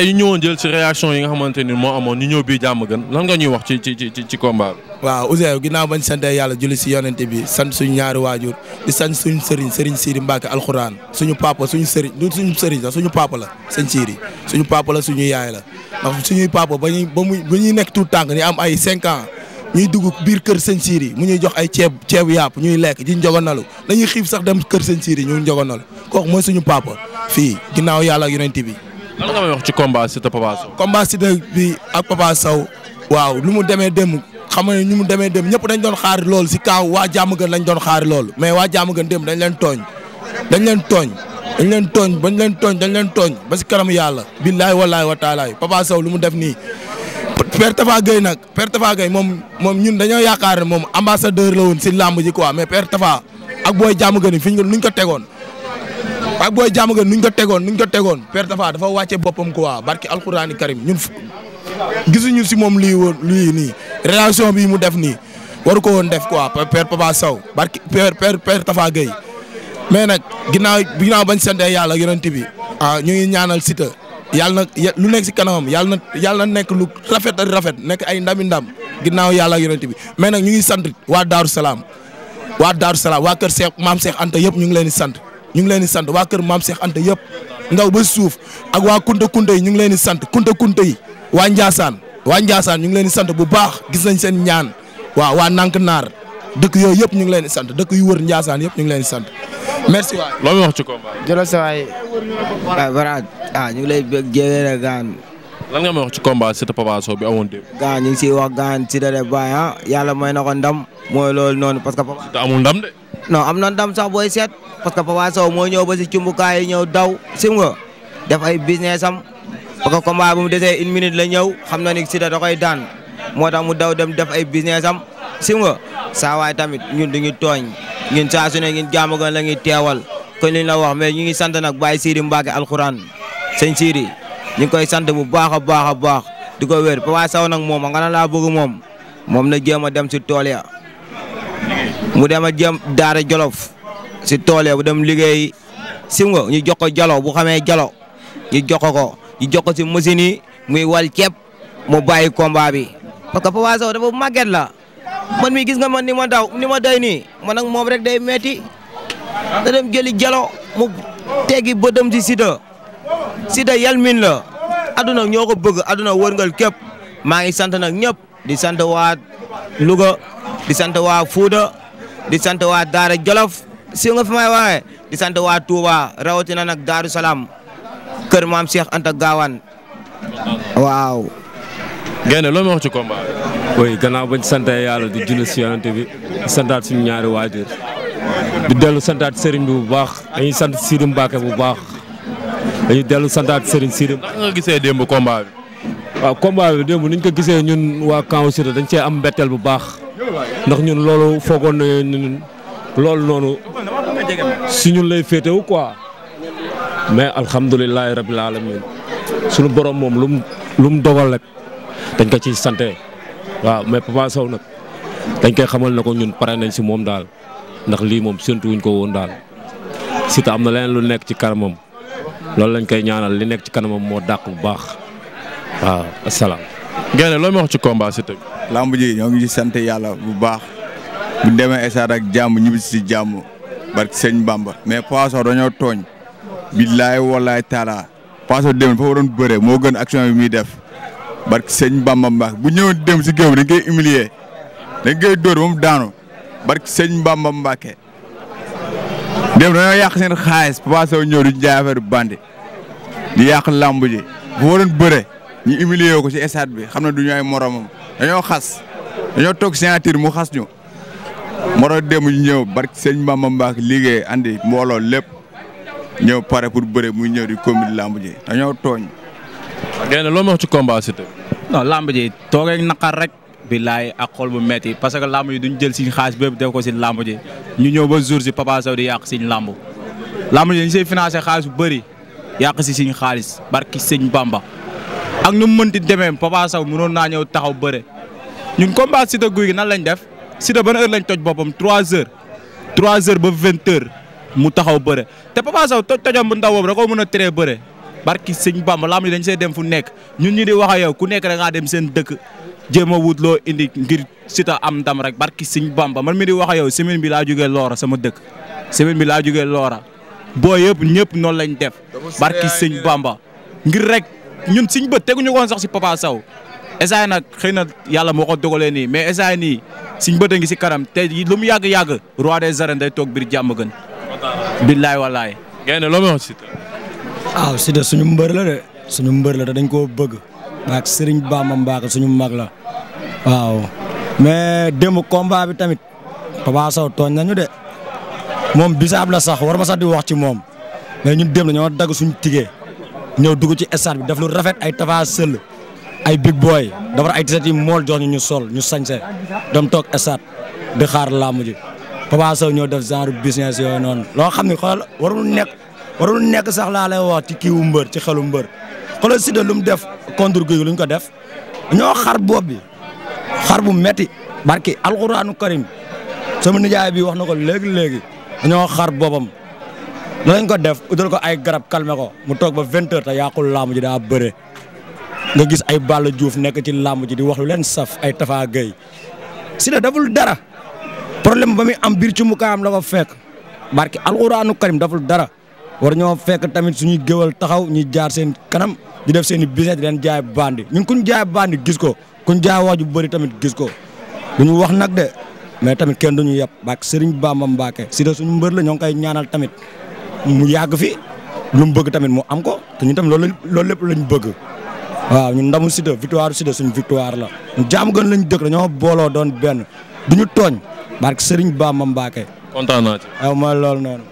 tey ñu ñëwoon jël ci réaction yi nga xamante ni moo amoon ñu ñëw bii jàmm gën lan nga ñuy wax ci ci ci ci combat bi. waaw Ouzin ginnaaw bañ sante yàlla julli si yonente bi sant suñu ñaari waajur di sant suñu sëriñ sëriñ Sidi Mbacke alxuraan suñu papa suñu sëriñ du suñu sëriñ sax suñu papa la sëñ Sidi suñu papa la suñu yaay la suñuy papa ba ñuy ba muy ba ñuy nekk tout tànk ni am ay cinq ans ñuy dugg biir kër sëñ Sidi mu ñuy jox ay ceeb ceeb yàpp ñuy lekk di njogoonalu dañuy xiif sax dem kër sëñ Sidi ñu njogoonalu kooku mooy suñu papa fii ginnaaw yàlla ak bi lan nga may wax ci combat Siteu Papa Sow. combat bi ak Papa Sow. waaw lu mu demee démb xam nga ñu mu demee dem ñëpp dañ doon xaar loolu si kaaw waa jàmm gën lañ doon xaar lool mais waa jàmm gën démb dañ leen tooñ dañ leen tooñ dañ leen tooñ bañ leen tooñ dañ leen tooñ ba si kanam yàlla. billaay wallaay wa taalaay Papa Sow lu mu def nii Père Tafa Gueye nag Père Tafa Gueye moom moom ñun dañoo yaakaar ne moom ambassadeur la woon si làmb ji quoi mais Père Tafa ak booy jàmm gën fi ñu nuñ ko tegoon. waaye booy jàmm gën nuñ ko tegoon nuñ ko tegoon Père Tapha dafa wàcce boppam quoi barki alxuraani karim ñun gisuñu si moom lii woon lii nii relation bi mu def nii waru ko woon def quoi Père Papa Sow barki Père Père Père Tapha Gueye mais nag ginnaaw ginnaaw bañ sante yàlla yonent bi ah ñu ngi ñaanal Siteu yàlla na lu nekk si kanamam yàlla na yàlla nekk lu rafet ak rafet nekk ay ndami ndam ginnaaw yàlla ak yonent bi mais nag ñu ngi sant waa Daaru Salaam waa Daaru Salaam waa kër Seex maam Seex Anta yëpp ñu ngi leen di sant ñu ngi leen di sant waa kër maam Cheikh Anta yëpp ngaw ba suuf ak waa kunta kunta yi ñu ngi leen di sant kunta kunta yi waa Ndiassane waa Ndiassane ñu ngi leen di sant bu baax gis nañ seen ñaan waaw waa naar dëkk yooyu yëpp ñu ngi leen di sant dëkk yu wër Ndiassane yëp ñu ngi leen sant merci waa loo wax ci combat bi. jërëjëf waay Baraad ah ñu ngi lay bëgg jege rek gaan. lan nga ma wax ci combat Siteu Papa Sow bi amoon ñu ngi siy wax gaan Siteu de baay ah yàlla may na ko ndam mooy loolu noonu parce que. Siteu amul ndam de. non am na ndam sax booy seet parce que Papa saw moo ñëw ba si cumbukaay yi ñëw daw sim nga def ay business am parce que combat bu mu desee une minute la ñëw xam na si Siteu da koy daan moo tax mu daw dem def ay business am sim nga saa waay tamit ñun duñu tooñ ñun saa su ne ñun jaamu la ñuy teewal kon li ñu la wax mais ñu ngi sant nag Baye Sidi Mbacke alxuraan sëñ Sidi ñu ngi koy sant bu baax a baax a baax di ko wér Papa saw nag moom nga na laa bëgg moom moom na jéem a dem si tool ya mu dem a jëm daara jolof si tool bu dem liggéey sim nga ñu jox ko jalo bu xamee jalo ñu jox ko ko ñu jox ko si machine yi muy wal ceeb mu bàyyi combat bi. parce que Papa Sow mu màgget la man mi gis nga man ni ma daw ni ma day nii man ak moom rek day metti da dem jëli jalo mu teggi bëtam si sida sida yalmin la aduna ñoo ko bëgg aduna wërngal képp maa ngi sant na ñëpp di sant waa Louga di sant waa Fuuta di sant waa Daara Jolof si nga fi may waxee di sant waa Touba rawatina nag Daaru Salaam kër maam Cheikh Anta Gaawaan waaw. Gaynde loolu ci combat bi. oui gannaaw bañ sant yàlla di julli si yonent bi di santaat suñu ñaari waajur di dellu santaat sëriñ bi bu baax dañuy sant Sidi Mbacke bu baax dañuy dellu santaat sëriñ Sidi. ndax nga gisee démb combat waaw combat bi démb ni ñu ñun waa Kaaw Sida dañ cee am mbetteel bu baax. ndax ñun loolu foogoon nañu loolu noonu si ñun lay féetewu quoi mais alhamdulilah rabil alamin sunu borom moom lu mu lu mu dogal rek dañ ko ciy sante waaw mais Papa nag dañ koy xamal ne ko ñun pare nañ si moom daal ndax lii moom séntu wuñ ko woon daal Siteu am na leneen lu nekk ci kanamam loolu lañ koy ñaanal li nekk ci kanamam moo dàq bu baax waaw asalaam. Gaynde loo ma wax ci combat Siteu. lamb ji ñoo ngi ci sant yàlla bu baax bu demee esaat jàmm ñibbi si jàmm barki sëñ Bamba. mais Poisson dañoo tooñ. billaay wallaay taala Poisson dem fa waroon bëre moo gën action bi muy def barki sëñ Bamba mbaax bu ñëwoon dem si géew dañ koy humilier dañ koy dóor moom daanu barki sëñ Bamba Mbàkke dem dañoo yàq seen xaalis Poisson ñëw di jaay affaire bandi di yàq lamb ñu humilier ko si stade bi xam na du ñu ay moromam dañoo xas dañoo toog signature mu xas ñu. moro dem ñëw barki sëñ Bamba Mbaak liggéey andi mbooloo lépp ñëw pare pour bëre muy ñëw di commune lamb je dañoo tooñ. gën loo ma wax ci combat lamb ji toogee naqar rek. billaay ak xol bu metti parce que lamb yi duñ jël siñ xaalis bépp def ko si lamb ñu ñëw ba jour si Papa Sow di yàq siñ lamb lamb ji dañ siy financé xaalis bu bëri yàq si siñ xaalis barki sëñ Bamba. ak nu mu mënti demee Papa Sow mënoon naa ñëw taxaw bëre ñun combat Siteu Gouye Gui nan lañ def Siteu ban heure lañ toj boppam 3 heures 3 heures ba 20 heures mu taxaw bëre te Papa Sow toj tojam bu ndaw boobu da koo mën a teree bëre barki sëñ Bamba lam yi dañ see dem fu nekk ñun ñi di wax ak yow ku nekk rek ngaa dem seen dëkk jéem a wut loo indi ngir sita am ndam rek barki sëñ Bamba man mi di wax ak yow semaine bi laa jógee Loora sama dëkk semaine bi laa juge Loora boo yëpp ñëpp noonu lañ def barki sëñ Bamba ngir ñun suñ bët teguñu woon sax si Papa saw esaay nag xëy na yàlla moo ko dogalee nii mais esaay nii suñ bët a ngi si kanam te lu mu yàgg yàgg roi des arènes day toog biir jàmm gën. billaay wallaay. gaynde loo may wax si. waaw Siteu suñu mbër de suñu mbër la te dañ koo bëgg. ak Serigne Bamba Mbacké suñu mag la. waaw mais démb combat bi tamit Papa Sow tooñ nañu de moom bisaab la sax war ma sax di wax ci moom mais ñun démb la ñoo dagg suñu tigee. ñëw dugg ci stade bi def lu rafet ay Tapha Seul ay big boy dafa ay tiset yi mool jox ñu ñu sol ñu sañse dem toog stade di xaar làmb ji Papa Sow ñëw def genre business yooyu noonu loo xam ne xoolal warul nekk warul nekk sax laa lay wax ci kiiwu mbër ci xelu mbër xoolal Siteu lu mu def contre Gouye Gui lu ñu ko def ñoo xar bopp bi xar bu meti barki alxuraanu karim sama nijaay bi wax na ko léegi léegi ñoo xar boppam. danañ ko def utal ko ay garab calmer ko mu toog ba vingt heures te yàqul laamu ji daa bëre nga gis ay Balla Diouf nekk ci laamu ji di wax leen saf ay Tafa Gueye Siteu deful dara problème ba mu am biir ci mukaayam la ko fekk barki alxuraanu karim daful dara war ñoo fekk tamit suñuy géwal taxaw ñu jaar seen kanam di def seen i business di leen jaay bandi ñun kuñ jaay bandi gis ko kuñ jaay wax bëri tamit gis ko du ñu wax nag de mais tamit kenn duñu yàpp baak Serigne Bamba Mbacke Siteu suñu mbër la ñoo ngi ñaanal tamit mu yàgg fi lu mu bëgg tamit mu am ko te ñu tamit loolu loolu lépp lañ bëgg waaw ñun ndamu Siteu victoire Siteu suñu victoire la ñun jaamu gën lañ dëkk dañoo booloo doon benn du ñu tooñ barke Serigne baam Mbacke. kontaan naa ci. waaw mooy loolu noonu.